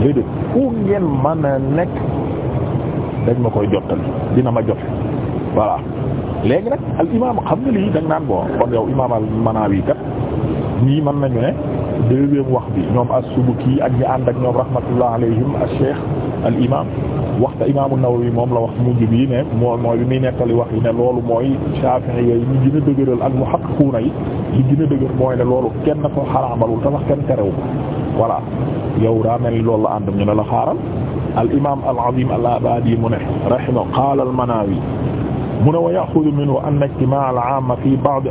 déedéet fu ngeen mën a nekk dañ ma koy jottali dina ma jot voilà léegi nag al imaam xam nga lii da naan bon kon yow imaam al Manawi kat ñii mën nañu ne deuxième wax bi ñoom as-Subuki ak ñi ànd ak ñoom rahmatullah alayhim as-Cheikh al imaam waxta imaamu Nawawi moom la wax mujj bii ne moo mooy bi muy nettali wax yi ne loolu mooy Shafi'i yooyu ñu gën a dëgëral ak muhaqqiquna yi li gën a dëgër mooy ne loolu kenn ko xaraamalul te wax kenn terewu voilà yow daa mel ni loolu la àndam ñu ne la xaaral al imaam al azim al abadi mu ne rahimahu qaala al manawi mu ne wa yaxudu minhu anna ijtimaa al aama fi ba'di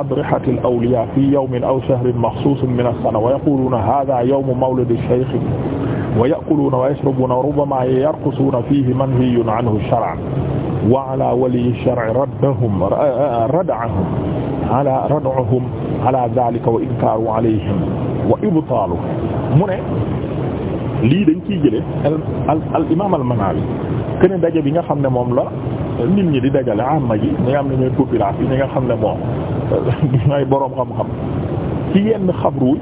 adrihati al awliyaa fi yawmin aw shahrin maxsuusin min as-sana wa yaquluuna haaza yawmu mawlidi shaykh wa ya'kuluuna wa yashrabuuna wa rubbamaa yarqusuuna fiihi manhiyyun anhu shar'an wa alaa waliyyi shar'i raddahum rad'ahum alaa rad'uhum alaa dhaalika wa inkaaru alayhim wa ibtaalu mu ne lii dañ ciy jële al al imaam al Manawi keneen daje bi nga xam ne moom la nit ñi di dajale amma ji ñi nga xam ne ñooy population ñi nga xam ne moom ñooy boroom xam-xam ci yenn xabru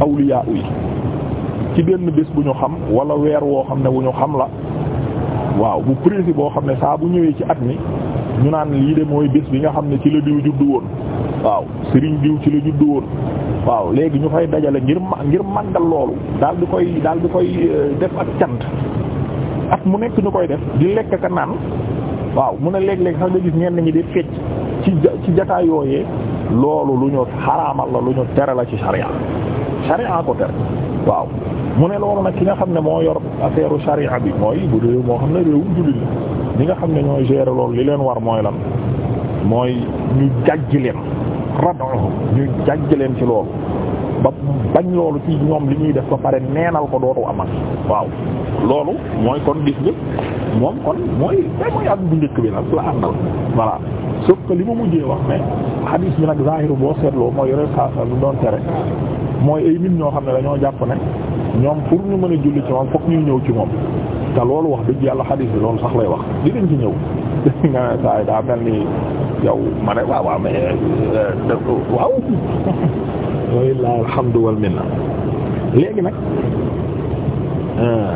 awliyaa yi ci benn bés bu ñu xam wala weer woo xam ne bu ñu xam la waaw bu précis boo xam ne saa bu ñëwee ci at mi ñu naan lii de mooy bés bi nga xam ne ci la diw juddu woon waaw sëriñ diw ci la juddu woon waaw léegi ñu fay dajale ngir ngir màggal loolu daal di koy daal di koy euh, def ak cant at mu nekk ñu koy def di lekk ka naan waaw mu ne léeg-léeg sax nga gis ñenn ñi di fecc ci ci jataay yooyee loolu lu ñu xaraamal la lu ñu tere la ci sharia sharia ko tere waaw mu ne loolu nag ki nga xam ne moo yor affaire sharia bi mooy bu réew moo xam ne réewum jullit la ñi nga xam ne ñoo gérer lool li leen war mooy lan mooy ñu jàjj leen rad'uhu ñu jàjj leen ci loolu ba bañ loolu ci ñoom li ñuy def ko pare neenal ko dootu amal waaw loolu mooy kon gis nga moom kon mooy day mooy ak bu njëkk bi nag la àndal voilà sauf que li ma mujjee wax ne hadis bi nag zahiru boo seetloo mooy yore lu doon tere mooy ay nit ñoo xam ne dañoo jàpp ne ñoom pour ñu mën a julli ci moom fokk ñuy ñëw ci moom te loolu wax dëgg yàlla hadis bi loolu sax lay wax dinañ ci ñëw nga ne saa yi daa mel yow ma ne waaw waaw mais euh, waaw. wallaahi alhamdu wal minna léegi nag euh,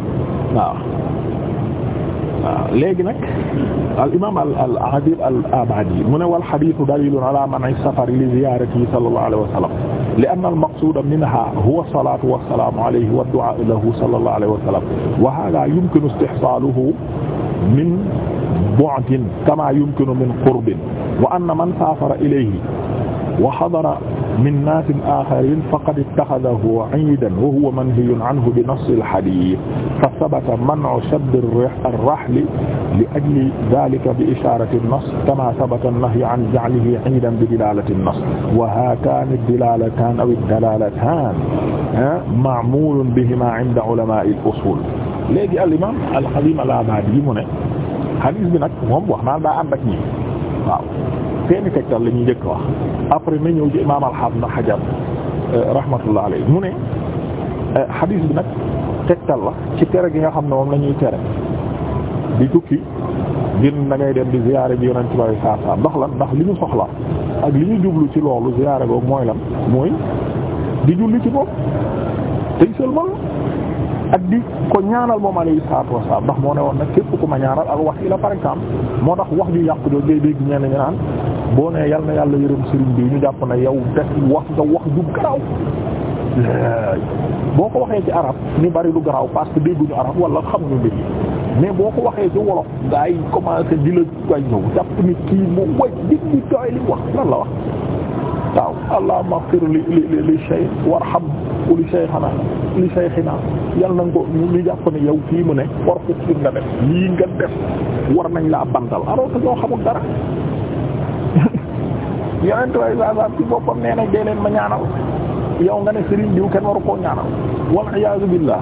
waaw waaw léegi nag al imaam al al adil al abadi mu ne wal hadiisu daliilun alaa man'i safari li ziyaaratihi sallallaahu alayhi wa sallam li anna al maqsuuda minhaa huwa salaatu wa salaamu alayhi wa du'aa lahu sallallaahu alayhi wa sallam wa haadaa yumkinu istihsaaluhu min bu'din kama yumkinu min qurbin wa anna man saafara ilayhi wa hadara min naasin aaxarin faqad ittaxadahu iidan wa huwa manhiyun anhu bi nassil hadiis fa sabata man'u shaddi ar-rahli li ajli daalika bi ishaarati an-nass kamaa sabata an-nahyu an ja'lihi iidan bi dilaalati an-nass wa haataani ad-dilaalataani aw ad-dalaalataani ah, ma'muulun bihimaa 'inda 'ulamaa'i al-usuul léegi al-imaam al-Xadiim al-Abadi mu ne xadiis bi nag moom wax naan daa ànd ak ñi waaw seeni tegtal la ñuy njëkk wax après na ñëw ci imaam alxaam na xajar euh, rahmatullah alayhi mu ne euh, xadiis bi nag tegtal la ci tere gi nga xam ne moom la ñuy tere di tukki ngir na ngay dem di ziyaare bi yonent bi saa saa ndax lan ndax li ñu soxla ak li ñu jublu ci loolu ziyaare boobu mooy lan mooy di julli ci bopp tey seulement ak di ko ñaanal moom alayhi salaatu wasalaam ndax moo ne woon nag képp ku ma ñaanal ak wax yi la par exemple moo tax wax ju yàqu jooju day dégg ñenn ñu naan boo nee yal na yàlla yërëm sëriñ bi ñu jàpp na yow def wax nga wax ju garaaw. boo ko waxee ci arab ni bari lu garaaw parce que dégguñu arab wala xamuñu mbir yi mais boo ko waxee ci wolof gaa yi commencé di la koy ñëw jàpp ni kii mu waj dig ñi tooy li wax lan la wax waaw allahumma ighfir li li li shaykh warham li shaykhana li shaykhina yal na nga ko ñu jàpp ne yow fii mu ne war fukki nga def lii nga def war nañ laa bantal alors que ñoo xamul dara yeneen way sasam ci boppam nee na dee leen ma ñaanal yow nga ne Serigne diw kenn waru koo ñaanal wal iyaazu billah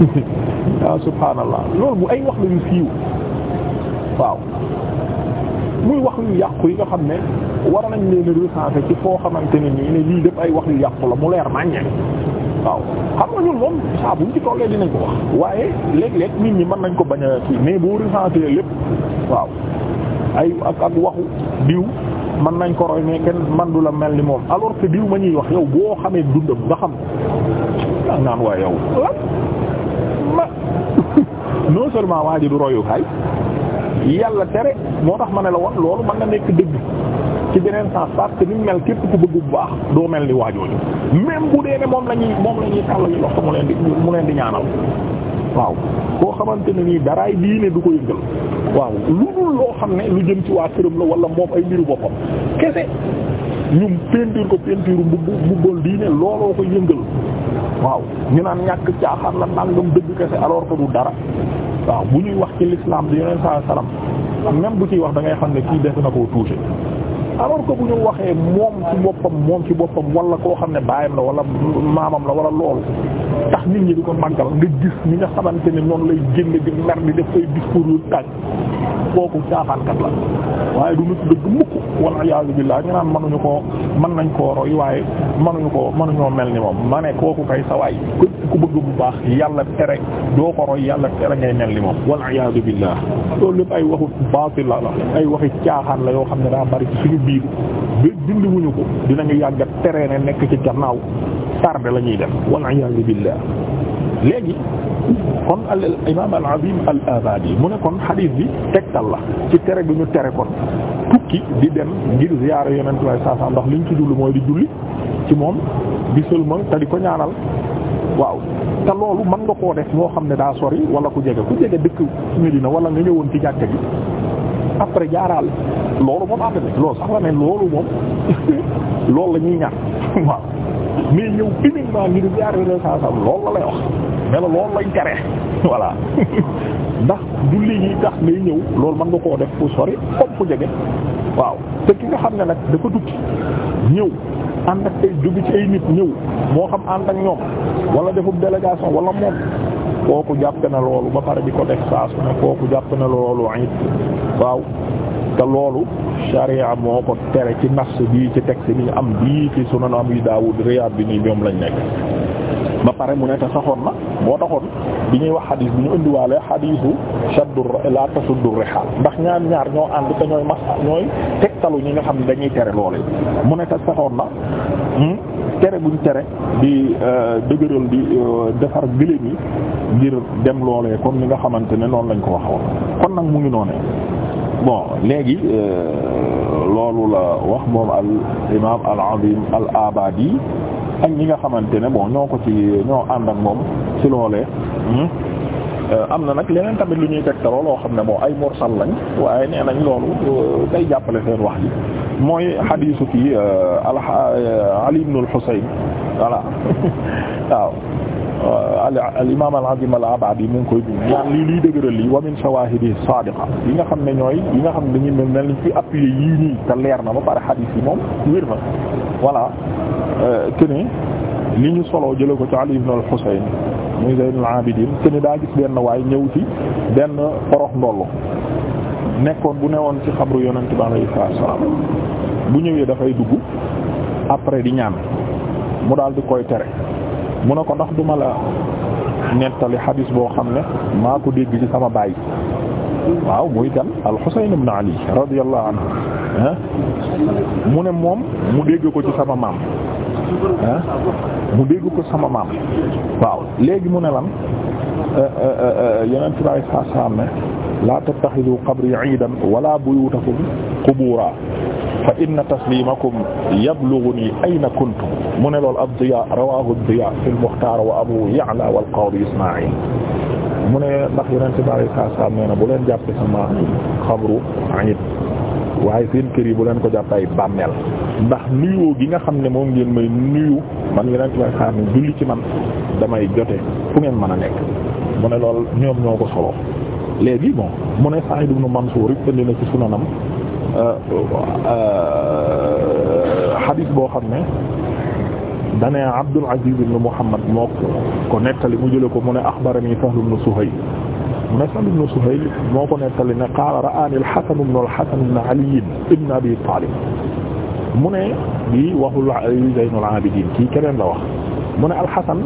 ya subhaanallah loolu bu ay wax la yu siiw waaw muy wax yu yàqu yi nga xam ne war nañ leen recenser ci foo xamante ne nii ne lii def ay wax yu yàqu la mu leer màññe waaw xam nga ñun moom saa ci tollee dinañ ko wax waaye léeg-léeg nit ñi man nañ ko bañ a kii mais boo recenser lépp waaw ay ak ak waxu mën nañ ko roy mais man du la mel ni moom alors diw ma ñuy wax yow boo xamee dundam nga xam yaa naan waaye yow lan ma non seulement waa du royukaay yàlla tere moo tax ma ne la woon loolu mën na nekk dëgg ci beneen sens parce que ni mel képp ku bëgg bu baax doo mel ni waajooju même bu dee ne moom la moom lañuy ñuy tàll yi loxo mu leen di mu leen di ñaanal waaw koo xamante ne nii daraay diine du ko yëngal waaw lu dul loo xam ne lu jëm ci waa këram la wala moom ay mbiru boppam kese ñun peinture ko peinture mbubb mbubbal diine looloo ko yëngal waaw ñu naan ñàkk caaxaan la nangam dëgg kese alors que du dara waaw bu ñuy wax ci l'islam di yoneen saa salaam même bu ciy wax da ngay xam ne kii def na koo touché alors ko bu ñu waxee moom ci boppam moom ci boppam walla koo xam ne baayam la wala maamam la wala loolu tax nit ñi di ko màggal nga gis ñi nga xamante ne noonu lay génn di mer di def ay discours yu tàj kooku caaxaankat la waaye du nit dëgg mukk walla iyaazu billaah ñu naan mënuñu koo mën nañ ko roy waaye mënuñu koo mënuñoo mel ni moom ma ne kooku kay sa waay ku bëgg bu baax yàlla tere doo ko roy yàlla tere ngay mel ni moom walla iyaazu billaah loolu lépp ay waxu baatil la ay waxi caaxaan la yoo xam ne daa bari ci suñu biir bi dindi wuñu ko dinañu yàgg tere ne nekk ci gannaaw tardé la ñuy def walla iyaazu billaah léegi kon al imaam al azim al abadi mu ne kon xadiis bi tegtal la ci tere bi ñu tere kon tukki di dem ngir ziyaara yonent waaye saa saa ndax liñ ci julli mooy di julli ci moom di sëlmal te di ko ñaanal waaw te loolu mën nga koo def moo xam ne daa sori wala ku jege ku jege dëkk Medina wala nga ñëwoon ci jàkka gi après jaaraal loolu moom ànd na loolu sax la ne loolu moom loolu la ñuy ñaan waaw mais ñëw uniquement ngir ziyaara yonent saa saa lool la melo la loolu lañ tere voilà ndax julli yi tax ngay ñëw loolu man nga koo def fu sori comme fu jege waaw te ki nga xam ne nag dafa tukki ñëw ànd ak ay jóge ci ay nit ñëw moo xam ànd ak ñoom wala defub délégation wala moom kooku jàpp na loolu ba pare di ko def saa su ne kooku jàpp na loolu it waaw te loolu sharia moo ko tere ci nas bii ci texte bi ñu am bii ci sunan Abi Dawud Riyad bi nii ñoom lañ nekk ba pare mu ne saxoon na boo taxoon bi ñuy wax xadiis bi ñu indiwaale xadiisu shaddu la tasuddu rihaal ndax ñaar ñaar ñoo ànd te ñooy mas ñooy tegtalu ñi nga xam ne dañuy tere loole mu ne te saxoon na hmm, tere buñ tere di euh, dëgëral di euh, defar gëléem yi ngir dem loolee comme ni nga xamante ne noonu lañ ko wax kon nag mu ngi noonee bon léegi euh, loolu la wax moom al imaam al azim al abadi ak ñi nga xamante ne bon ñoo ko ci ñoo ànd ak moom ci loolee hmm? euh, am na nag leneen tamit lu ñuy tegtaloo loo xam ne bon ay mursal lañ waaye nee nañ loolu euh, day jàppale seen wax ji mooy xadiisu kii euh, al Ali ibn al-Husayn voilà waaw al imam al azim al abadi mu ngi koy dund ñaan lii liy dëgëral yi wa min shawahidi sadiqa yi nga xam ne ñooy yi nga xam ne dañuy mel ni ci appuyer yii nii te leer na ba pare xadiis yi moom wér na voilà kene euh, li ñu soloo jële ko ci Ali ibn al-Husayn muy Zaynul Abidin kene daa gis benn waaye ñëw ci benn porox ndollu nekkoon bu newoon ci xabru yonent bi alayhi salaam bu ñëwee dafay dugg après di ñaan mu daal di koy tere mu ne ko ndax duma la nettali xadiis boo xam ne maa ko dégg ci sama baay waaw muy kan al-Husayn ibn Ali radiyallahu anhu mu ne moom mu dégg ko ci sama maam ah mu dégg ko sama maam waaw léegi mu ne lan yeneen tubaab yi saa saa ne laa tattaxidu qabri iidan wala buyuutakum qubuura fa inna taslimakum yablughuni ayna kuntum mu ne lool ad-Diya rawaahu ad-Diya fil Mukhtaar wa Abu Ya'la wal Qaadi Ismaa'il mu ne ndax yeneen tubaab yi saa saa ne bu leen jàppee sama xabru iid waaye seen kër yi bu leen ko jàppee ay bàmmeel ndax nuyoo gi nga xam ne moom ngeen may nuyu man yeneen ci may xaar julli ci man damay jote fu ngeen man a nekk mu ne lool ñoom ñoo ko solo léegi bon mu ne Sa'id ibn Mansur it indi na ci sunanam xadiis euh, euh, boo xam ne dane Abdul Aziz ibn Muhammad moo ko nettali mu jële ko mu ne axbarani Sahl ibn Suhayl mu ne Sahl ibn Suhayl moo ko nettali ne qaala ra'aani al-Hasan ibn al-Hasan ibn Ali Abi Talib mu ne lii waxul Aliyu Zaynul Abidin kii keneen la wax mu ne alxasan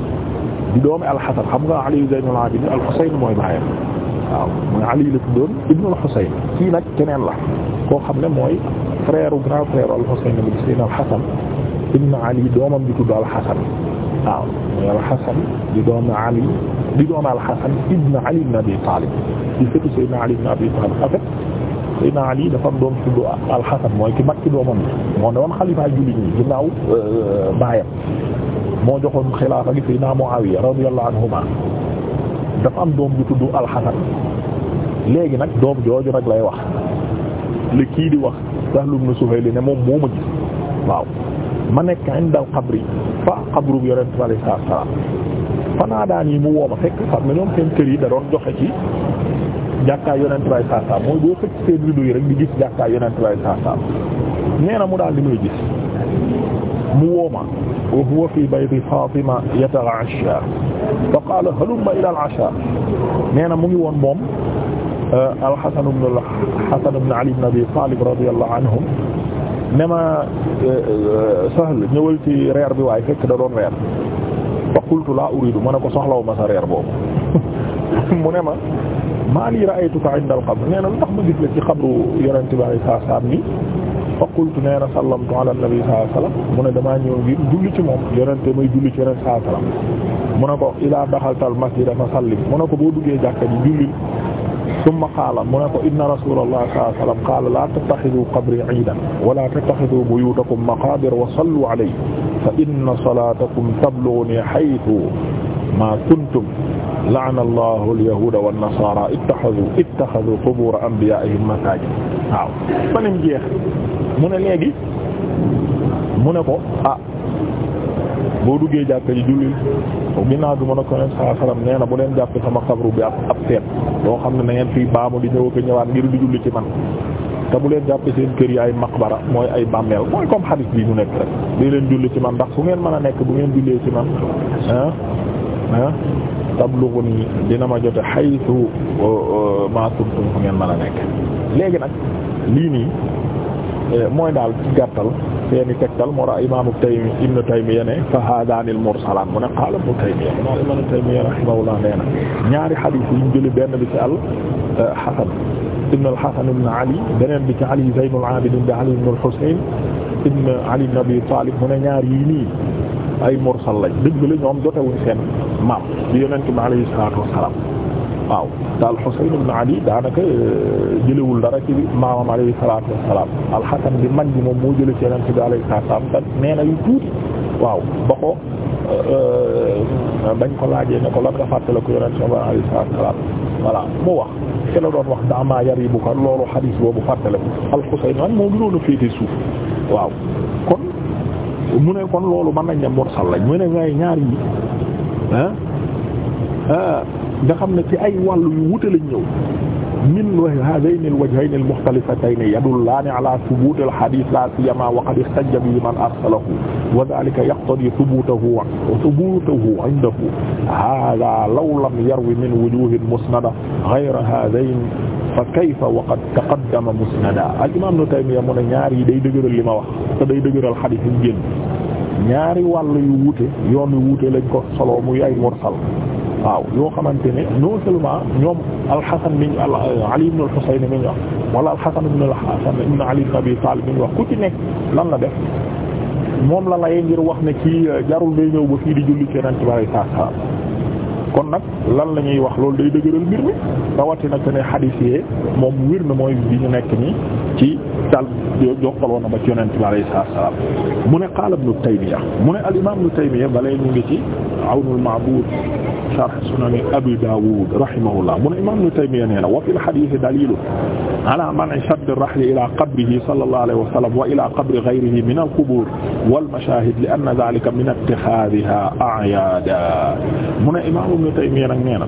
di doomi alxasan xam nga Aliyu Zaynul Abidin alxusayn mooy baayam waaw mooy Ali la tuddoon ibnu alxusayn kii nag keneen la koo xam ne mooy frère grand frère alxusayn bi di seen alxasan Ali doomam di tudd alxasan waaw mooy alxasan di Ali di doomi alxasan ibnu Ali ibn Abi Talib di fëtu Sayyidina Ali ibn Abi Talib en Seydina Ali dafa am doom tudd alxasan mooy ki mag ki doomam bi moo ne woon xalifa jullit ñi ginnaaw euh, baayam moo joxoon xilaafa gi Seydina Muawiya radiyallahu anhuma dafa am doom ju tudd alxasan léegi nag doom jooju nag lay wax li kii di wax Sahl su Suhayl ne moom moo ma gis waaw ma nekk inda al qabri fa qabru bi yonent bi alayhi salaam fekk xam nga ñoom kër yi da doon joxe ci jàkkaay yonent bay saa saa mooy boo fekk seen rido yi rek di gis jàkkaay yonent bay saa saa nee na mu daal di may gis mu wooma wa huwa fi bayti Fatima yata'asha fa qaala halumma ila al-asha nee na mu ngi woon moom euh, al-Hasan ibn al-Hasan ibn Ali ibn Abi Talib radiyallahu anhum ne ma euh, euh, Sahl ñëwal ci reer bi waaye fekk da doon reer fa qultu la uridu ma ne ko soxlaw ma sa reer boobu mu ne ma maa lii ra'aytuka inda al-qabr nee na lu tax ma gis la ci xabru yonente bi alayhi salaatu salaam ni fa qultu nee na sallamtu ala nabi sallallahu alayhi wasallam mu ne damaa ñëw ngir julli ci moom yonente may julli ci yonente sallallahu alayhi wasallam mu ne ko ila daxalta al-masjida fa sallim mu ne ko boo duggee jàkka ji jullil summa qaala mu ne ko inna rasulallah sallallahu alayhi wasallam qaala laa tattaxidu qabri iidan wala tattaxidu buyuutakum maqaabir wa sallu alayya fa inna salaatakum tablughunii haythu ma kuntum la'ana allahu alyahuda wannasaara ittaxadu ittaxadu qubuura anbiyaa'ihim masaajid waaw fanim jeex mu ne léegi mu ne ko ah boo duggee jàkka ji julli ginnaaw bi mën ne ko leen saa salaam nee na bu leen jàpp sama xabru bi ab ab feet loo xam ne na ngeen fii baamu di ñëw ko ñëwaat ngir di julli ci man te bu leen jàpp seen kër yi ay maqbara mooy ay bàmmeel mooy comme hadith bi ñu nekk rek di leen julli ci man ndax fu ngeen mën a nekk bu ngeen jullee ci man ah. Ah, tablughuni dina ma jote haythu uh, uh, ma kuntum fu ngeen mën a nekk léegi nag lii nii eh, mooy daal ci gàttal seeni tegtal moo tax imaamu Taymi ibnu Taymiyya ne fa haadaani al-mursalaan mu ne qaala ibnu Taymiyya mu ne ibnu Taymiyya rahimahullah nee na ñaari xadiis yi ñu jëli benn bi ci al-Hasan eh, ibnu al-Hasan ibnu Ali beneen bi ci Ali Zaynul Aabidiin bi Ali ibnu al-Husayn ibnu Ali ibnu Abi Taalib mu ne ñaar yii nii ay mursal lañ dëgg la ñoom jotewuñ seen maam di yonent bi alayhi salaatu wassalaam waaw daal Husayn ibn Ali daanaka euh, jëlewul dara ci maamam alayhi salaatu wassalaam al-Hasan bi mag bi moom moo jële ci yonent bi alayhi salaatu wassalaam te yu tuuti waaw ba ko euh, bañ ko laajee ne ko la nga fàttale ko yonent bi alayhi salaatu wassalaam voilà mu wax ki la doon wax dama yaribuka loolu xadiis boobu fàttale ko al moo gënoon féete suuf waaw mu ne kon loolu mën nañ ne mursal lañ mu ne waaye ñaar yi ah, ah nga xam ne ci ay wàll yu wute lañ ñëw min hadayni al-wajhayni al-mukhtalifayni yadullani ala thubut al-hadith la siyama wa qad ihtajja bihi man arsalahu wa dhalika yaqtadi thubutahu thubutahu indahu hadha law lam yarwi min wujuhin musnada ghayra hadayni fa kayfa wa qad taqaddama musnada al imam Ibn Taymiyya mu ne ñaar yi day dëgëral li ma wax te day dëgëral xadiis yi génn ñaari wàll yu wuute yoon yu wuute lañ ko solo muy ay mursal waaw yoo xamante ne non seulement ñoom alxasan miñ Ali ibn al-Husayn miñ wax wala alxasan ibn al-Hasan ibn Ali ibn Abi Talib miñ wax ku ci nekk lan la def moom la layee ngir wax ne kii jarul day ñëw ba fii di julli ci Yonent bi kon nag lan la ñuy wax loolu day dëgëral mbir mi rawatina que ne xadiis moom wiir na mooy bi ñu nekk nii ci tal jokkaloon na ma ci yonent bi alayhi salaam mu ne qaala ibnu Taymiyya mu ne al imaam ibnu Taymiyya balee ñu ngi ci Awnul Ma'buud sharh Sunan Abi Daawuud rahimahullah mu ne imaam ibnu Taymiyya nee na wa fil hadiisi daliilun alaa man'i shaddi rahli ilaa qabrihi sallallahu alayhi wa sallam wa ilaa qabri ghayrihi min al-qubuur wal mashaahid li anna dhaalika min ittixaadihaa a'yaadan mu ne imaam ibnu Taymiyya nag nee na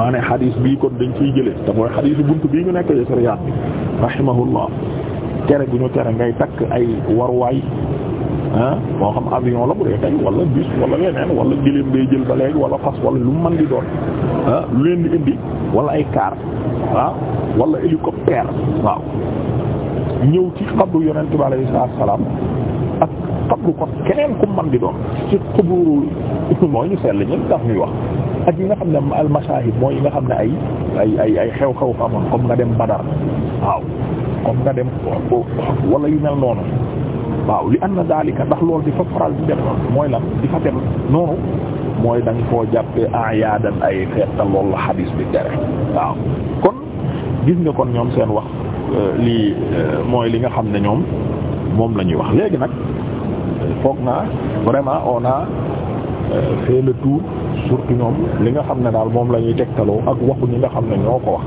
maa ne bii kon dañ ciy jëlee te mooy xadisu buntu bii ñu nekk ci sariyaat bi rahimahullah tere bu ñu tere ngay takk ay waruwaay ah, moo xam avion la bu dee tey wala bus wala leneen wala gëléem ngay jël ba léegi wala fas wala lu mën di doon ah lu leen di indi walla ay car ah wala hélicoptère waaw ñëw ci xabru yonent bi alayhi salaam ak xabru ko keneen ku mën di doon ci xabru mooy ñu seetlu ñun daf ñuy wax. ak yi nga xam ne al mashahid mooy yi nga xam ne ay ay ay ay xew-xew fa amoon comme nga dem Badar waaw comme nga dem wala yu mel noonu waaw li anna daalika ndax loolu di fa faral di dem mooy lan di fa dem noonu mooy da nga koo jàppee ayaadan ay feet te loolu la xadiis bi tere waaw kon gis nga kon ñoom seen wax euh, lii euh, mooy li nga xam ne ñoom moom la ñuy wax léegi nag foog naa vraiment on a euh, fait le surtout ñoom li nga xam ne daal moom la ñuy tegtaloo ak waxu ñi nga xam ne ñoo ko wax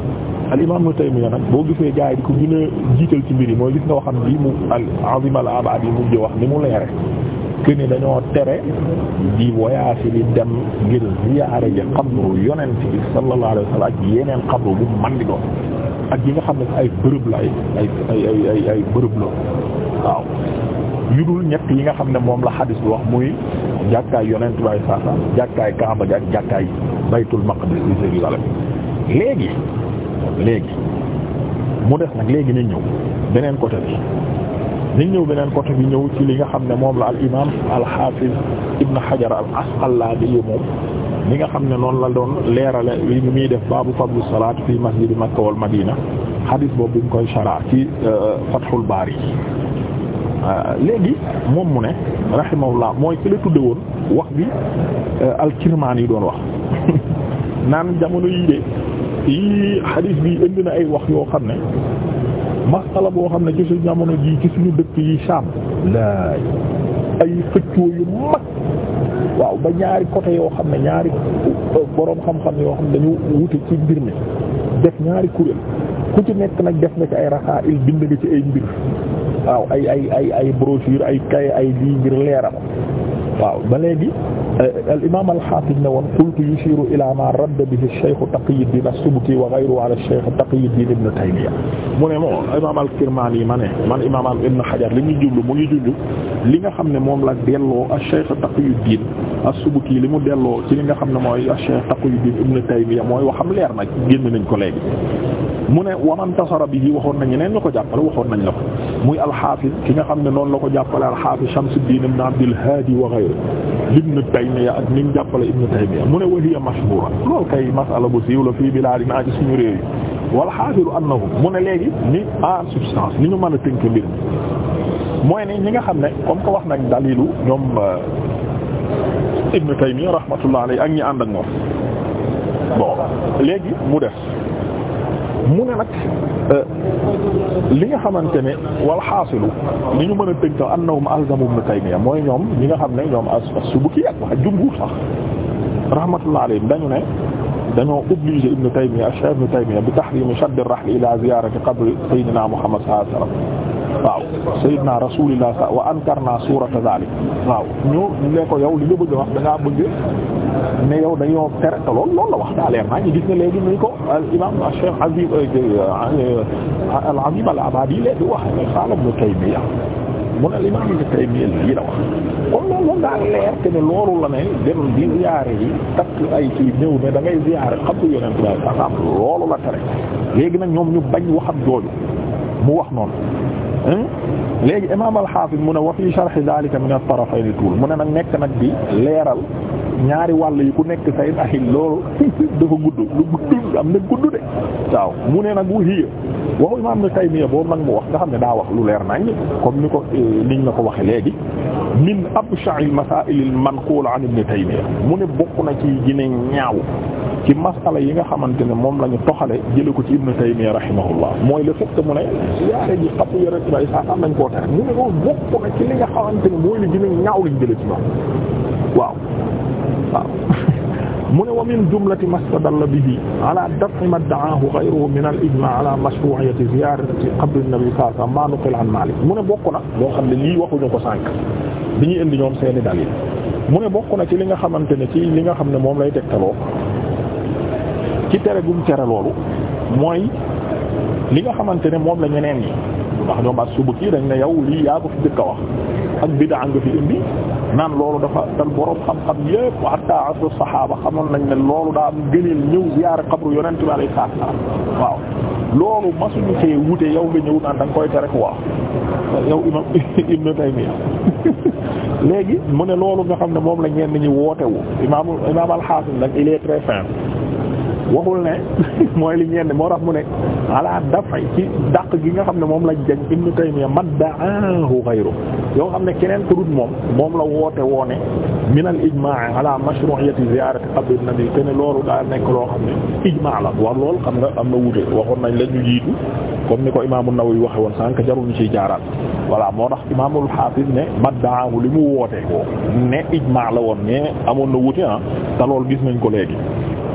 al imam Ibn Taymiyya nag boo gisee gaa di ko gën jiital ci mbir yi mooy gis nga waxam bi mu al azim al abad yi mujj wax ni mu leere que ni dañoo tere di voyage di dem ngir ziyaare ji xabru yonent bi sallallahu alayhi wa sallam ak yeneen xabru bu man di ak yi nga xam ne ay bërëb la ay ay ay ay bërëb la waaw yu dul ñett yi nga xam ne moom la xadis bi wax muy jàkkaay yonent baay saasam jàkkaay Kaaba ak jàkkaay baytul maqdis di Jérusalem léegi léegi mu des nag léegi nañ ñëw beneen côté bi nañ ñëw beneen côté bi ñëw ci li nga xam ne moom la al imaam al xaafiz ibn Hajar al Asqalaani moom li nga xam ne noonu la doon leerale li muy def baabu fadlu salaat fi masjidi Makka wal Madina xadis boobu bu ñu koy sharaa ci euh, baar yi Euh, léegi moom mu ne rahimahullah mooy ki la woon wax bi euh, al yi doon wax naan jamono yii de yii xadiis bi indi na ay wax yoo xam ne masala boo xam ne ci suñu jamono jii ci suñu dëkk yi saam laay ay xëccoo yu mag waaw ba ñaari côté yoo xam ne ñaari euh, boroom xam-xam yoo xam ne dañu wute ci mbir mi def ñaari kuréel ku ci nekk nag def nga ci ay rasaa'il bind nga ci ay mbir waaw ay ay ay ay brochure ay kay ay lii ngir leeral waaw ba léegi eh, al imam al-Hafiz ne woon qultu yushiru ila ma radda bihi ash-shaykh Taqiyuddin as-Subki wa ghayruhu ala ash-shaykh Taqiyuddin ibn Taymiyya mu ne moom imam al-Kirmani ma ne man imam ibn Hajar li muy jublu mu ngi junj li nga xam ne moom la delloo ash-shaykh Taqiyuddin as-Subki li mu delloo ci li nga xam ne mooy ash-shaykh Taqiyuddin ibn Taymiyya mooy waxam leer nag génn nañ ko léegi mu ne waman tasara bi yi waxoon nañu neen ñu ko jàppale waxoon nañ la ko muy alxaafiz ki nga xam ne noonu la ko jàppale alxaafiz Shamsuddin ibn Abdul Hadi wa ghayru ibn Taymiya ak ni mu jàppale ibn Taymiya mu ne wa hiya mashhura loolu kay masala bu siiw la fii bilaadinaa ci suñu réew yi wal xaafizu annahu mu ne léegi ni en substance ni ñu mën a tënk mbir mooy ne ñi nga xam ne comme que wax nag dalilu ñoom euh, ibn Taymiya rahmatullah alayhi ak ñi ànd ak moom bon mu def mu ne nag euh, li nga xamante ne wal xaasilu li ñu mën a tëgg sax annahum alzamu ibn Taymiyya mooy ñoom ñi nga xam ne ñoom as-Subki ak wax jumbuur sax rahmatullahi alayhim dañu ne dañoo obligé ibn Taymiyya Cheikh ibn Taymiyya bi tahrim shadd ar-rahl ila ziyarati qabr sayyidina Muhammad sallallahu alayhi wasallam waaw sayyidina rasulillah sa wa ankarna surata zalik waaw ñu ne ko yow li nga bëgg a wax da ngaa bëgg ne yow dañoo tere te loolu loolu la wax daa leer naa ñu gis ne léegi ni ko al imam cheikh azib euh, euh, euh, al azib al abadi léegi wax ne xaalab nu taymiya mu ne al imam ibn taymiya lii la wax kon loolu loolu daa leer te ne loolu la ne dem di ziyaare yi takk ay kii ñëw ne da ngay ziyaare xabru yonent bi sallallahu alayhi wasallam loolu la tere léegi nag ñoom ñu bañ waxam jooju mu wax noonu Hmm? léegi imaam al-Hafiz mu ne wa fi sharh dhalika min at-tarafayn tuul mu ne nag nekk nag bi leeral ñaari wàll yi ku nekk say ahil loolu dafa gudd lu gudd am na gudd de waaw mu ne nag wu hiya waxu imaam na Taymiyya boobu nag mu wax nga xam ne daa wax lu leer nañ comme ni ko eh, niñ la ko waxe léegi min absha'il masaa'il al manqul an ibn Taymiyya mu ne bokk na ci gine ñaaw ci masala yi nga xamante ne moom la ñu toxale jële ko ci ibn Taymiyya rahimahullah mooy le fait que mu ne siyaare ji xapu yorent bay sa am nañ koo tere mu ne loolu bokk na ci li nga xamante ne mooy li gine ñaaw lañ jële ci ñoom waaw waaw mu ne wa min jumlati mastadalla bihi ala daf'i ma da'aahu ghayruhu min al-ijmaa' ala mashru'iyyati ziyaarati qabri an-nabi sallallahu alayhi wa sallam ma nuqila an Maalik mu ne bokk na loo xam ne lii waxuñu ko sànq bi ñuy indi ñoom seeni dalil mu ne bokk na ci li nga xamante ne ci li nga xam ne moom lay tegtaloo ci tere gum tere loolu mooy li nga xamante ne moom la ñeneen ñi ndax ñoom ak suba kii dañ ne yow lii yaa ko fi jëkk a wax ak bid'a nga fi indi naan loolu dafa dal borom xam-xam yépp hatta asru saxaaba xamoon nañ ne loolu daa am gëneel ñëw ziyaare xabru yonent bi alayhi salaatu salaam waaw loolu masuñu xëy wute yow nga ñëw naan da nga koy tere ku wax yow imam Ibn léegi mu ne loolu nga xam ne moom la ñenn ñu wootewu imaam imaam al-Hasan nag il est fin waxul ne mooy li ñeen moo tax mu ne ala dafay ci daq gi nga xam ne moom la jañ Ibnu Taymiyya madda'ahu ghayru yoo xam ne keneen ku moom moom la woote woone min al ijmaa' ala mashru'iyyati ziyaarati qabri nabi te ne loolu daa nekk loo xam ne ijmaa la war lool xam nga am na wuute waxoon nañ la ñu jiitu comme ni ko imaamu Nawawi waxe woon sànq jarul ñu ciy jaaraat voilà moo tax imaamul Haafiz ne madda'ahu li mu woote ko ne ijmaa la woon mais amoon na wuute ah te loolu gis nañ ko léegi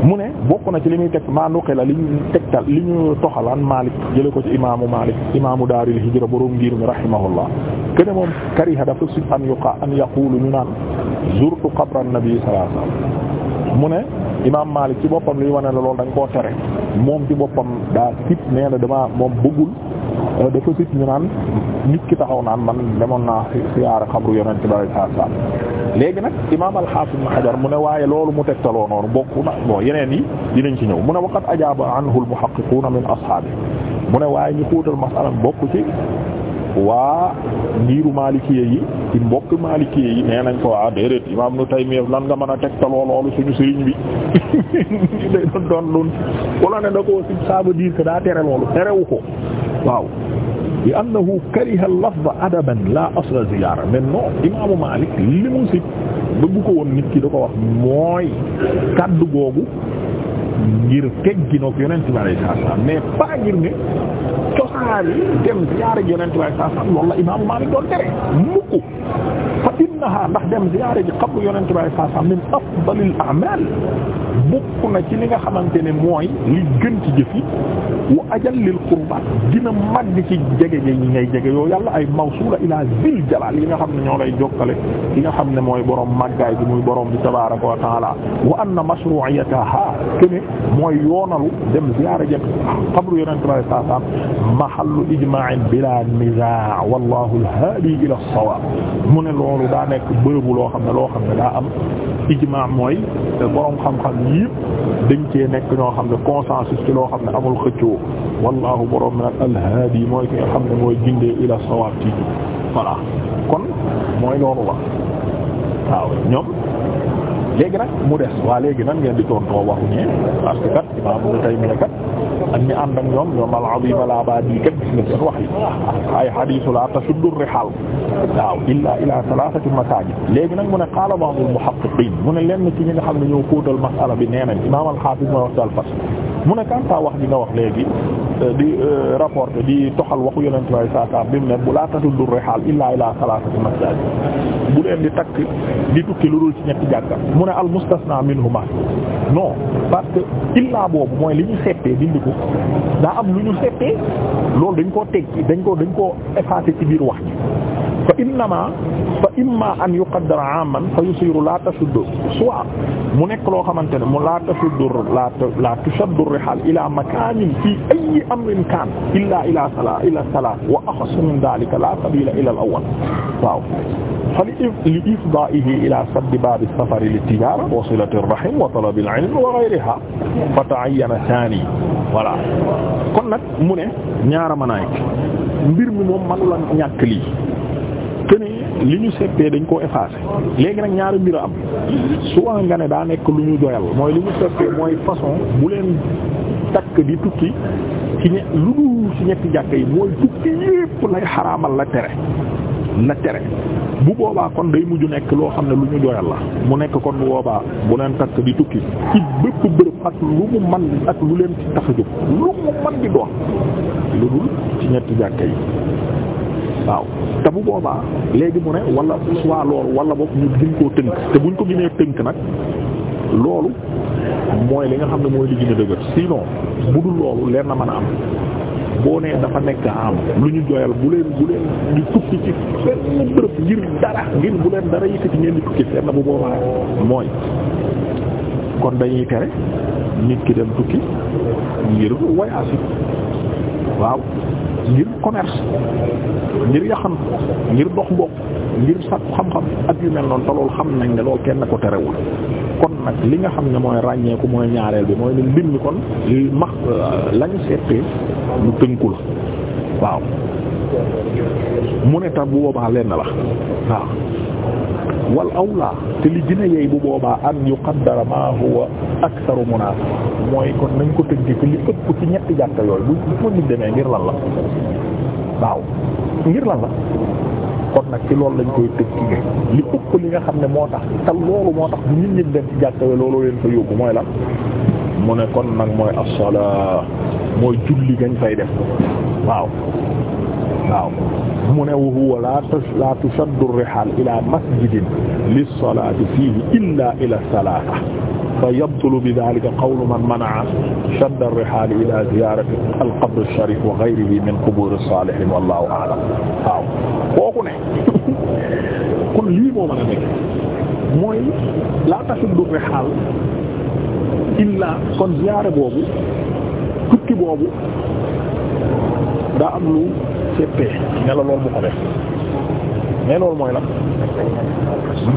mu ne bokk na ci li muy teg maa nuqi la li ñu tegtal li ñu toxalaan Maalik jële ko ci imaamu Maalik imaamu daaril hijra boroom ngir mi rahimahullah kene moom kariha dafa sib an yuqa an yaqulu ñu naan zurtu qabra nabi sallallahu alayhi wasallam mu ne imaam Maalik ci boppam li wane la loolu dañ koo tere moom ci boppam daa sib nee na damaa moom bëggul dafa sit ñu naan nit ki taxaw naan man demoon naa siyaara xabru yonent bi sallallahu alayhi wasallam léegi nag imaam al-Hafiz Ibn Hajar mu ne waaye loolu mu tegtaloo noonu bokk na bon yeneen yi dinañ ci ñëw mu ne waqad ajaaba anhu al-muhaqqiquuna min ashaabi mu ne waaye ñu xóotal masala bokku ci waa ngiiru maalikiyé yi ci mbokk maalikiyé yi nee nañ ko waa déedéet imaam nu Taymiyya lan nga mën a tegtaloo loolu suñu sëriñ bi day doon doon lun wala ne da ko si ça veut dire daa tere loolu terewu ko waaw li annahu kariha al-lafza adaban la asla ziyaara mais non imaamu Maalik li mu si bëgg ko woon nit ki da ko wax mooy kaddu googu ngir tegginook yonent bi alayhi salaam mais pas ngir ne cosaali dem ziyaara yonent bi a sa loolu la imaam Maalik doon tere mukk innaha ndax dem ziyaare ji xabru yonente bi saa saa min afdalil a'mal bokk na ci li nga xamante ne mooy li gën ci jëf yi wa ajallil qurbaat dina màgg ci jege ji ñi ngay jege yow yàlla ay mawsuula ila zil jalaal yi nga xam ne ñoo lay jokkale yi nga xam ne mooy borom màggaay bi muy borom bi tabaaraka wa taala wa anna mashru'iyataha kene mooy yoonalu dem ziyaare ji xabru yonente bi saa saa mahallu ijmaa'in bila nizaa' wallahu al-haadi ila as-sawaab mu ne loolu nekk bërëbu loo xam ne loo xam ne daa am ijmaa mooy te borom xam-xam yëpp dañ cee nekk ñoo xam ne consensus ci loo xam ne amul xëccoo wallahu borom nag alhaadi mooy ki xam ne mooy gindee ila sawaab ci voilà kon mooy loolu wax waaw ñoom léegi nag mu des waa léegi nan ngeen di tontoo waxu ñee parce que kat imam Ibn kat ak ñi ànd ak ñoom ñoom al-Azim al-Abadi kat gis nga seen wax yi ay hadiisu la tasuddu rihaal waaw illaa ilaa salaasati masaajid léegi nag mu ne qaala ba'du al-muhaqqiqiin mu ne lenn ci ñi nga xam ne ñoo kóodal masala bi nee nañ imaam al-Haafiz ma wax ci al-Fath mu ne kanta wax bi nga wax léegi euh, di euh, rapporté di toxal waxu yonent way saasar bi mu ne bu laa tasuddu rihaal illaa ilaa salaasati masaajid bu leen di takk di tukki li ko boobu daa am lu ñu seppee loolu dañ koo teg dañ ko dañ koo effacé ci biir wax ji fa innama fa imma an yuqaddara aman fa yusiru la tashuddu soit mu nekk loo xamante ne mu la tashuddu la la tashuddu rihal ila makanin fi ayi amrin kaan illa ila sala ila salat wa akhassu min dhalika la sabila ila al awwal waaw fa li ifdaihi ila sadd bab as-safar lit-tijara wa silati ar-rahim wa talab al-ilm wa ghayriha fa ta'ayyana thani voilà kon nag mu ne ñaara mën a nekk mbir mi moom manula ñàkk lii li ñu seppee dañ koo effacé léegi nag ñaari mbir a am souvent nga ne daa nekk lu ñu doyal mooy li ñu seppee mooy façon bu leen takk di tukki ci ñe lu dul ci ñetti jàkk yi mooy tukki yépp lay xaraamal la tere la tere bu boobaa kon day mujj nekk loo xam ne lu ñu doyal la mu nekk kon bu boobaa bu leen takk di tukki ci bépp bërëb ak lu mu man ak lu leen ci a jóg lu mu man di doon lu dul ci ñetti jàkka yi waaw te bu boobaa léegi mu ne wala soit loolu wala boog ñu gën koo tënk te buñ ko ginee tënk nag loolu mooy li nga xam ne mooy li gën a dëgër sinon bu dul loolu leer na mën a am boo nee dafa nekk am lu ñu doyal bu leen bu leen di tukki ci fenn bërëb ngir dara ngir bu leen dara yëkkati ngeen di tukki fenn bu boobaa mooy kon dañuy tere nit ki dem tukki ngir voyage waaw ngir commerce ngir yaxam ngir dox mbokk ngir sàkku xam-xam ak yu mel noonu te loolu xam nañ ne loolu kenn ko terewul kon nag li nga xam ne mooy ràññeeku mooy ñaareel bi mooy ne mbir mi kon li max euh, lañu seetee lu tënku la waaw mu ne tam bu boobaa lenn la waaw wal awla te li gën a yey bu boobaa an yuqaddara ma huwa aktharu munaasib mooy kon nañ ko tënk ci li ëpp ci ñetti jàkka bu bu fa nit demee ngir lan la waaw ngir lan la kon nag ci lool lañ koy tënk li ëpp li nga xam ne moo tax te loolu moo tax bu nit ñi dem ci jàkka yooyu loolu leen fa yóbbu mooy lan mu ne kon nag mooy as mooy julli gañ fay def waaw waaw mu ne wa huwa la tushaddu ar-rihaal ila masjidin lis-salaati fiihi illa ila salaasa fa yabtulu bi daalika qawlu man mana'a shadda ar-rihaal ila ziyaarati al-qabr ash-shariif wa ghayrihi min qubuur as-saalihiin wallaahu a'lam waaw kooku ne kon lii moo mën a nekk mooy la tashaddu ar-rihaal illa kon ziyaara boobu tukki boobu daa am lu seppee ne la bu ko def mais loolu mooy la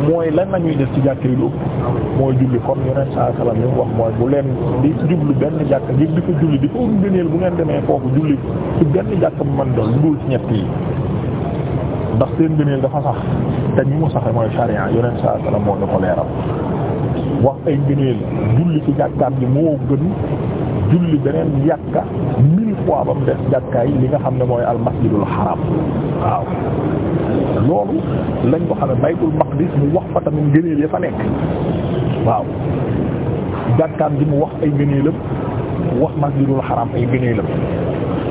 mooy la ñuy def ci jàkk yi lu mooy julli comme yeneen saa salaam yi mu wax mooy bu leen di jublu benn jàkk yëpp di ko julli di ko bu ngeen demee foofu julli benn jàkk bu mën doon lu dul ci ñett yi ndax seen gëneel dafa sax te ñi mu saxe mooy sharia yeneen saa salaam moo ñu ko leeral wax ay gëneel julli ci jàkkaat bi moo gën julli beneen jàkka waa ba mu des jàkkaay li nga xam ne mooy almasjidul haram waaw loolu lañ ko xamee baytul maqdis mu wax fa tamit ngëneel ya fa nekk waaw jàkkaam ji mu wax ay ngëneelam wax masjidul haram ay ngëneelam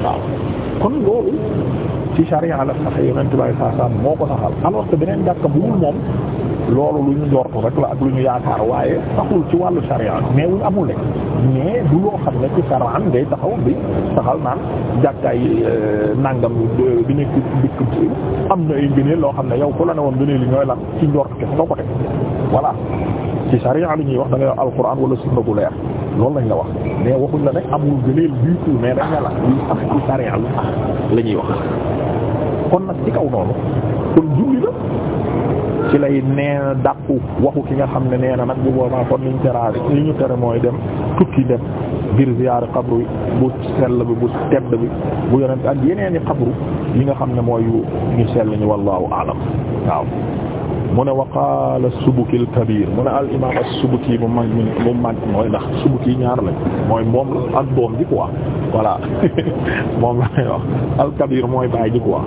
waaw kon loolu ci sharia la sax yonent moo ko saxal beneen jàkka bu dul moom loolu lu ñu jortu rek la ak lu ñu yaakaar waaye saxul ci wàllu sharia mais amul rek mais du loo xam ne ci saraan ngay taxaw bi taxal naan jàkkaay euh, nangam bi nekk dëkk am na ay ngëneel loo xam ne yow ku la ne woon ngëneel li ñooy lan ci njort ke doo ko teg voilà ci sariya li ñuy wax da ngay alquran wala sunna bu leer loolu lañ la wax mais waxuñ la ne amul gëneel du tout mais dañ la la luy sax ci sariya lu la ñuy wax kon nag ci kaw noonu kon julli la ci lay neena dàqu waxu ki nga xam ne nee na nag bu boobaa kon liñ teraar li ñu tere mooy dem tukki dem ngir ziyaar xabru bu sell bi bu tedd bi bu yonent ak yeneeni xabru yi nga xam ne mooy yu ñu sell ñi wallaahu alam waaw mu ne waqaala as-Subuki al-Kabir mu ne al imaam as-Subuki mu mag mu mag mooy ndax Subuki ñaar lañ mooy moom ak doom ji quoi voilà moom lay wax al-Kabir mooy baay ji quoi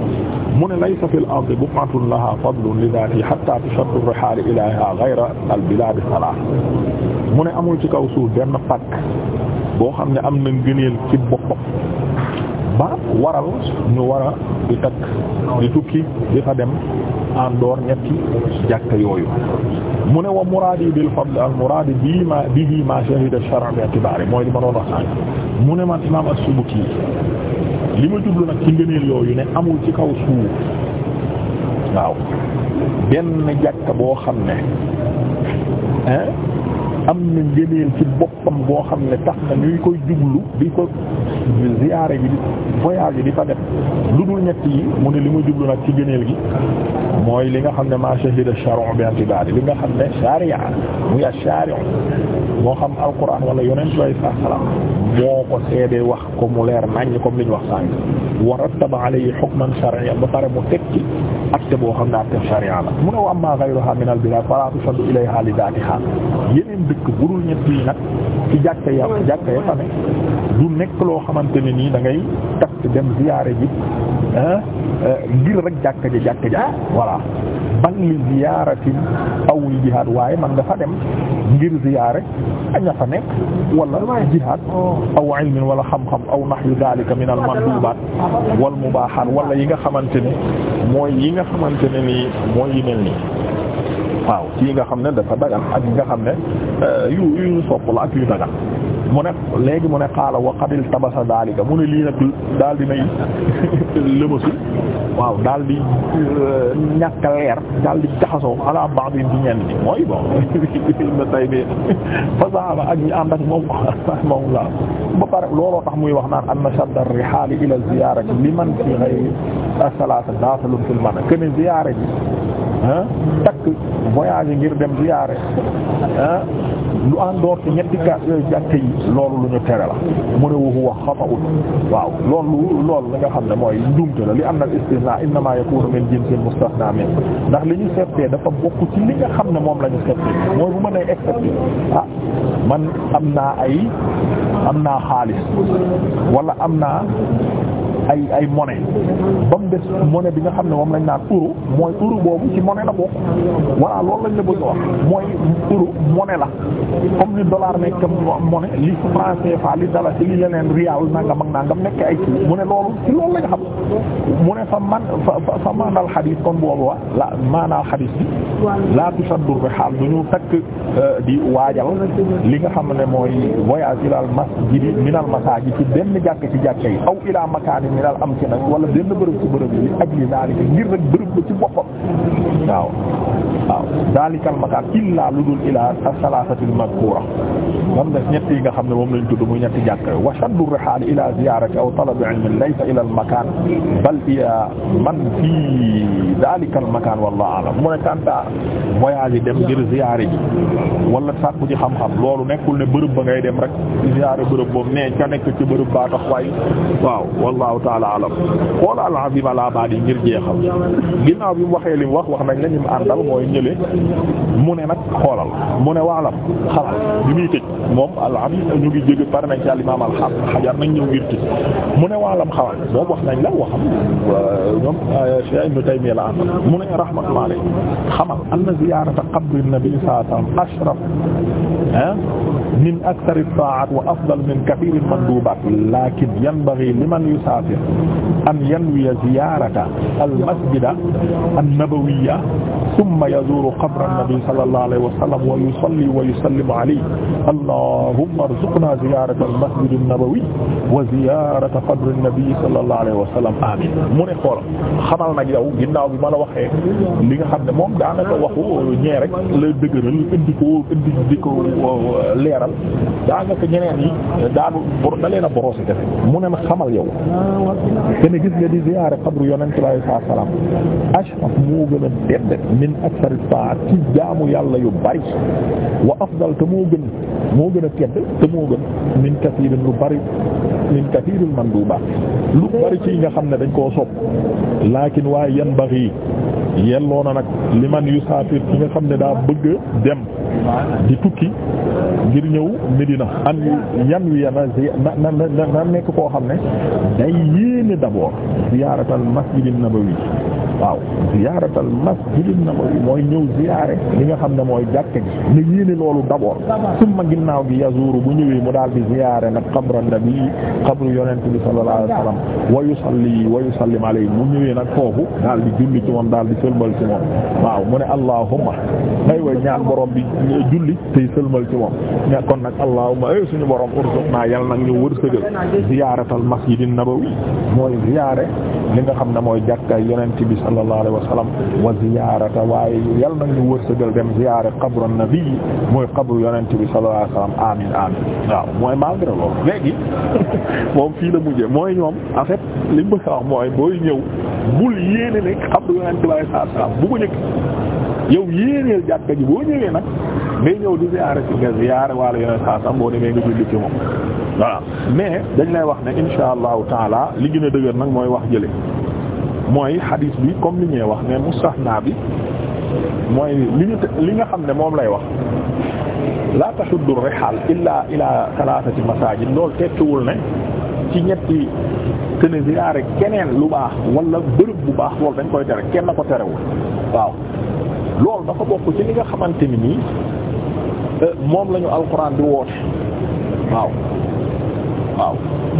mu ne laysa fil ardi buq'atun laha fadlun li dhaatihi hatta tushaddu ar-rihaal ilayha ghayra al-bilaad as-salaah mu ne amul ci kaw suuf benn pàkk boo xam ne am na ngëneel ci boppam ba waral ñu war a di takk di tukki di fa dem. en dehors ñetti jàkka yooyu mu ne wa muraadi bil fadl al muraadi bi ma bihi ma shahida shar'a bi i'tibari mooy li ma doon wax sànq mu ne man imam as-Subuki li ma jublu nag ci ngëneel yooyu ne amul ci kaw suuf waaw benn jàkka boo xam ne am na ngëneel ci boppam boo xam ne tax na ñuy koy jublu di ko ziyaare ji di voyage yi di fa def lu dul ñett yi mu ne li muy jublu nag ci ngëneel gi mooy li nga xam ne ma shahida shar'u bi i'tibari li nga xam ne sharia muy ash-shari'u moo xam alquran wala yonent way sa salam moo ko seede wax ko mu leer naññ comme li ñu wax sànq wa rattaba alayhi hukman shar'iyyan ba pare mu tekki acte boo xam ne acte sharia la mu ne wa amma ghayruha min al-bilad fala tushaddu ilayha li dhatiha dëkk budul ñett nag ci jàkka ya jàkka ya fa ne du nekk loo xamante ne nii dangay ngay takk dem ziyaare ji ah eh, ngir rek jàkka ja jàkka ja ah. voilà ban ziyaaratin aw li waaye man dafa dem ngir ziyaare aña fa nekk wala jihaad oh. aw ilmin wala xam-xam aw nahyu daalika min al mandubaat wal mubaahaat wala yi nga xamante ne mooy yi nga xamante ne nii mooy yi mel nii waaw ci nga xam ne dafa dagan ak yi nga xam ne euh, yu yu sopp la ak yu dagan mu ne léegi mu ne xaala wa qadil tabasa daalika mu ne lii nag daal di nay lëmasu waaw daal di euh, ñàkk leer daal di jaxasoo ala baax di ñenn bi mooy bon na tay bi fasaaba ak ñi ànd ak moom moom la ba pare looloo tax muy wax naan anna shadda rihaali ila ziyaarati liman fi ghayri as-salaasa daaxilun fil mana kene ziyaare ji ah takk voyage ngir dem ziyaare ah lu àndoor ci ñetti ka euh, jàkk yi loolu lu ñu tere la mu ne waxu wax xata'un waaw loolu loolu la nga xam ne mooy njuumte la li am na istisna innama yakunu min jinsil mustasna min ndax li ñu seetee dafa bokk ci li nga xam ne moom la ñu seetee mooy bu ma nee excepté ah man am naa ay am naa xaalis wala am naa ay ay monnaie ba mu des monnaie bi nga xam ne moom lañ naan euro mooy euro boobu ci monnaie la bokk voilà loolu lañ la bëgg a wax mooy euro monnaie la comme li dollar nekk monnaie li franc CFA li dala ci li leneen rial nangam ak nangam nekk ay kii mu ne loolu ci loolu lañ xam mu ne fa man fa fa maanaal xadiis kon boobu wax la maanaal xadiis bi laa tusaddu rihaal duñu takk euh, di waajal li nga xam ne mooy voyage ilal masjid minal masaajid ci benn jàkk ci jàkk yi aw ilaa makaani minal amkin nag bërëb ci bërëb yi aj li daalika ngir nag bërëb ba ci boppam waaw waaw daalikal makaan illaa lu dul ilaa as-salaasatil mazkuura moom des ñett yi nga xam ne moom lañ tudd muy ñetti jàkk wa shaddu rihaal ilaa ziyaarati aw talabi ilmin laysa ilal makaan bal ilaa man fii daalikal makaan wallaahu a'lam mu ne yi dem ngir ziyaare ji wala sàkku ci xam loolu nekkul ne bërëb ba rek ziyaare bërëb boobu nee ca nekk ci bërëb baa tax taala alam xoola alazim alabaad yi ngir jeexal ginnaaw bi mu waxee li mu wax wax nañ la ñim àndal mooy ñële mu ne nag xoolal mu ne waalam xalal bi muy tëj moom alami ñu ngi jóge pare nañ ci al imam al xajar nañ ñëw ngir tëj mu ne waalam xalal boobu wax nañ la waxam ñoom euh, Cheikh Ibn Taymiyya la àndal mu ne rahmatullahi alayhi xamal anna ziyarata qabri nabi sallallahu alayhi wasallam ashraf min akthar at-ta'at wa afdal min kathir al-mandubat lakin yanbaghi liman yusafir an yanwiya ziyaarata almasjida annabawiyya summa yazuuru qabra annabi sallallahu alayhi wa sallam wa yusalli wa yusallimu alayhi allahumma arzuqna ziyaarata almasjidi annabawi wa ziyaarata qabri annabi sallallahu alayhi wa sallam amiin mu ne xool xamal nag yow ginnaaw bi ma la waxee li nga xam ne moom daanaka waxu ñee rek la dëgëral indi ko indi di ko leeral daanaka ñeneen yi daanu da leen a borosé defe mu ne xamal yow ne gis nga di ziyaare xabru yonent bi alayhi salaam ashraf moo gën a tedd min akthar ta'at ci jaamu yàlla yu bari wa afdal te moo gën moo gën a tedd te moo gën min kathirin lu bari min kathirin manduba lu bari ci nga xam ne dañ koo sopp lakin waaye yanbaghi yelloo na nag liman yu saafir ki nga xam ne daa bëgg dem di tukki ngir ñëw Medina am yan wi yana na na na nekk koo xam ne day yéene d'abord ziyaaratal masjidin nabawi waaw ziyaaratal masjidin nabawi mooy ñëw ziyaare li nga xam ne mooy jàkka gi ne yéene loolu d'abord summa ginnaaw gi yazuru bu ñëwee mu daal di ziyaare nag qabra nabi qabru yonent bi sallallahu alayhi wa sallam wa yusalli wa yusallim alayhi mu ñëwee nag foofu daal di julli ci daal di sëlmal ci moom waaw mu ne allahumma ay way ñaan borom bi julli tey sëlmal ci moom ne kon nag allahumma ay suñu borom urzuqna yal nag ñu wërsëgal ziyaaratal masjidin nabawi mooy ziyaare li nga xam ne mooy jàkka yonent bi sallallahu alayhi wa sallam wa ziyaarata waaye yal nañ ñu wërsëgal dem ziyaare qabru nabi mooy qabru yonent bi sallallahu alayhi amin amin waaw mooy malgré loolu léegi moom fii la mujjee mooy ñoom en fait li mu wax mooy booy ñëw bul yéene ne qabru yonent bi sallallahu alayhi wa bu ko njëkk yow yéeneel jàkka ji boo ñëwee nag ngay ñëw di ziyaare ci nga ziyaare walla yonent saa sam boo demee nga julli ci moom voilà mais dañ lay wax ne insha allahu taala li gën a dëgër wax jële mooy xadiis bi comme li ñuy wax ne mustahna bi mooy li ñu li nga xam ne moom lay wax la tahuddu rihaal illa ila thalathati masajid loolu tekkiwul ne ci ñetti te ne ziyaare keneen lu baax wala bërëb bu baax loolu dañ koy tere kenn ko terewul waaw loolu dafa bokk ci li nga xamante ni nii euh, moom lañu ñu alxuraan di woote waaw waaw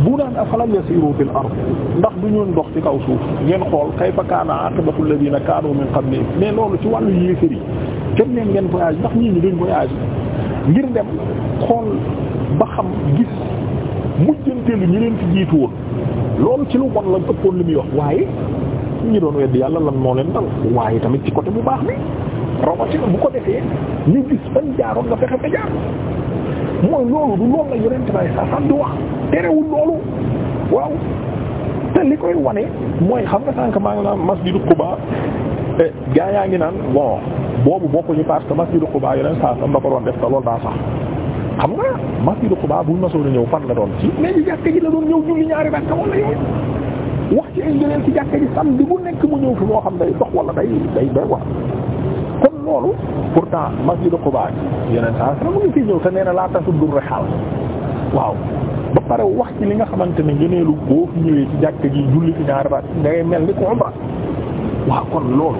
bu daan afalam yasiru fil ard ndax du ñoon dox ci kaw suuf ngeen xool kayfa kaana aqibatu alladhina kaanu min qablihim mais loolu ci wàllu yéefar yi kenn neen ngeen voyage ndax ñii ñu duñ voyage ngir dem xool ba xam gis mujjanteelu ñi leen fi jiitu woon loolu ci lu bon la ëppoon li muy wax waaye ñi doon weddi yàlla lan moo leen dal waaye tamit ci côté bu baax bi rawatina bu ko defee ñu gis fan jaaroon nga fexe fa jaar mooy loolu du loolu la yonent bay sa sam du wax terewul loolu waaw te li koy wane mooy xam nga sànq maa ngi naan du Quba eh, gaa yaa ngi naan bon boobu bokkuñu parce que masjidu Quba yeneen saa sam na ko doon def te loolu daa sax xam nga masjidu Quba buñ masoon a ñëw fan la doon ci mais ji jàkka ji la doon ñëw julli ñaari rakka wala yooyu wax ci ay njëleen ci jàkka ji samedi bu nekk mu ñëw fi moo xam day dox wala day day day wax loolu pourtant masjidu Quba yeneen saa si la mu ngi fiy ñëw te nee na laa tasuddu rihaal waaw ba pare wax ci li nga xamante ne ngëneelu boo fi ñëwee ci jàkka ji julli fi ñaari baat dangay mel ni ko umra waaw kon loolu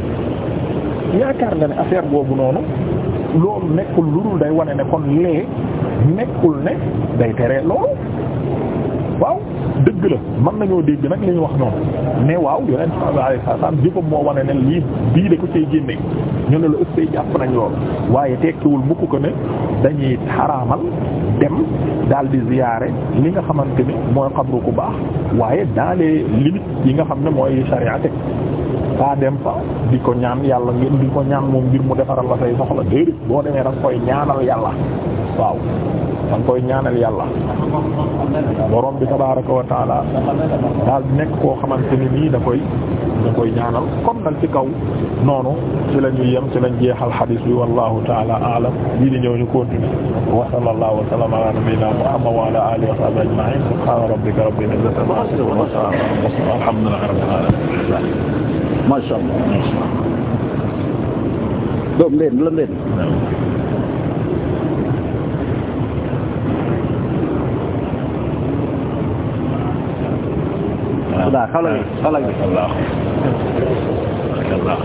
yaakaar nga ne affaire boobu noonu loolu nekkul lu dul day wane ne kon lee nekkul ne day tere loolu waaw dëgg la mën nañoo dégg nag li wax ñoom mais waaw yoneen sallallahu alayhi wasallam jëfam moo wane ne lii bii de ko cay génne ñu ne la ëppee jàpp nañ lool waaye tekkiwul mukk ko ne dañuy xaraamal dem daal di ziyaare li nga xamante ni mooy xabru ku baax waaye dans les yi nga xam ne mooy charia teg dem fa di ko ñaan yàlla ngeen di ko ñaan moom ngir mu defaral la say soxla déedéet boo demee danga koy ñaanal yàlla waaw da koy ñaanal yàlla borom bi tabaaraka wa taala daal nekk koo xamante ni nii da koy da koy ñaanal comme nag ci kaw noonu ci la yem ci lañ jeexal xadiis bi wallahu taala aalam bii di ñëw ñu continuer wa sallallahu wa sallama ala nabiyyina muhammad wa ala alihi wa sahbihi ajma'in subhana rabbika rabbil izzati amma yasifun ma sha Allah doom leen la leen da halal halal Allah Allah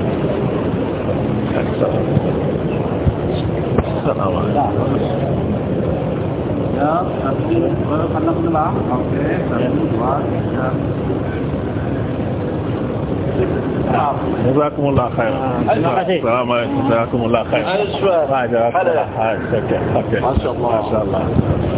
jazakumullah xayr salaamaaleykum jazakumullah xayr masha Allah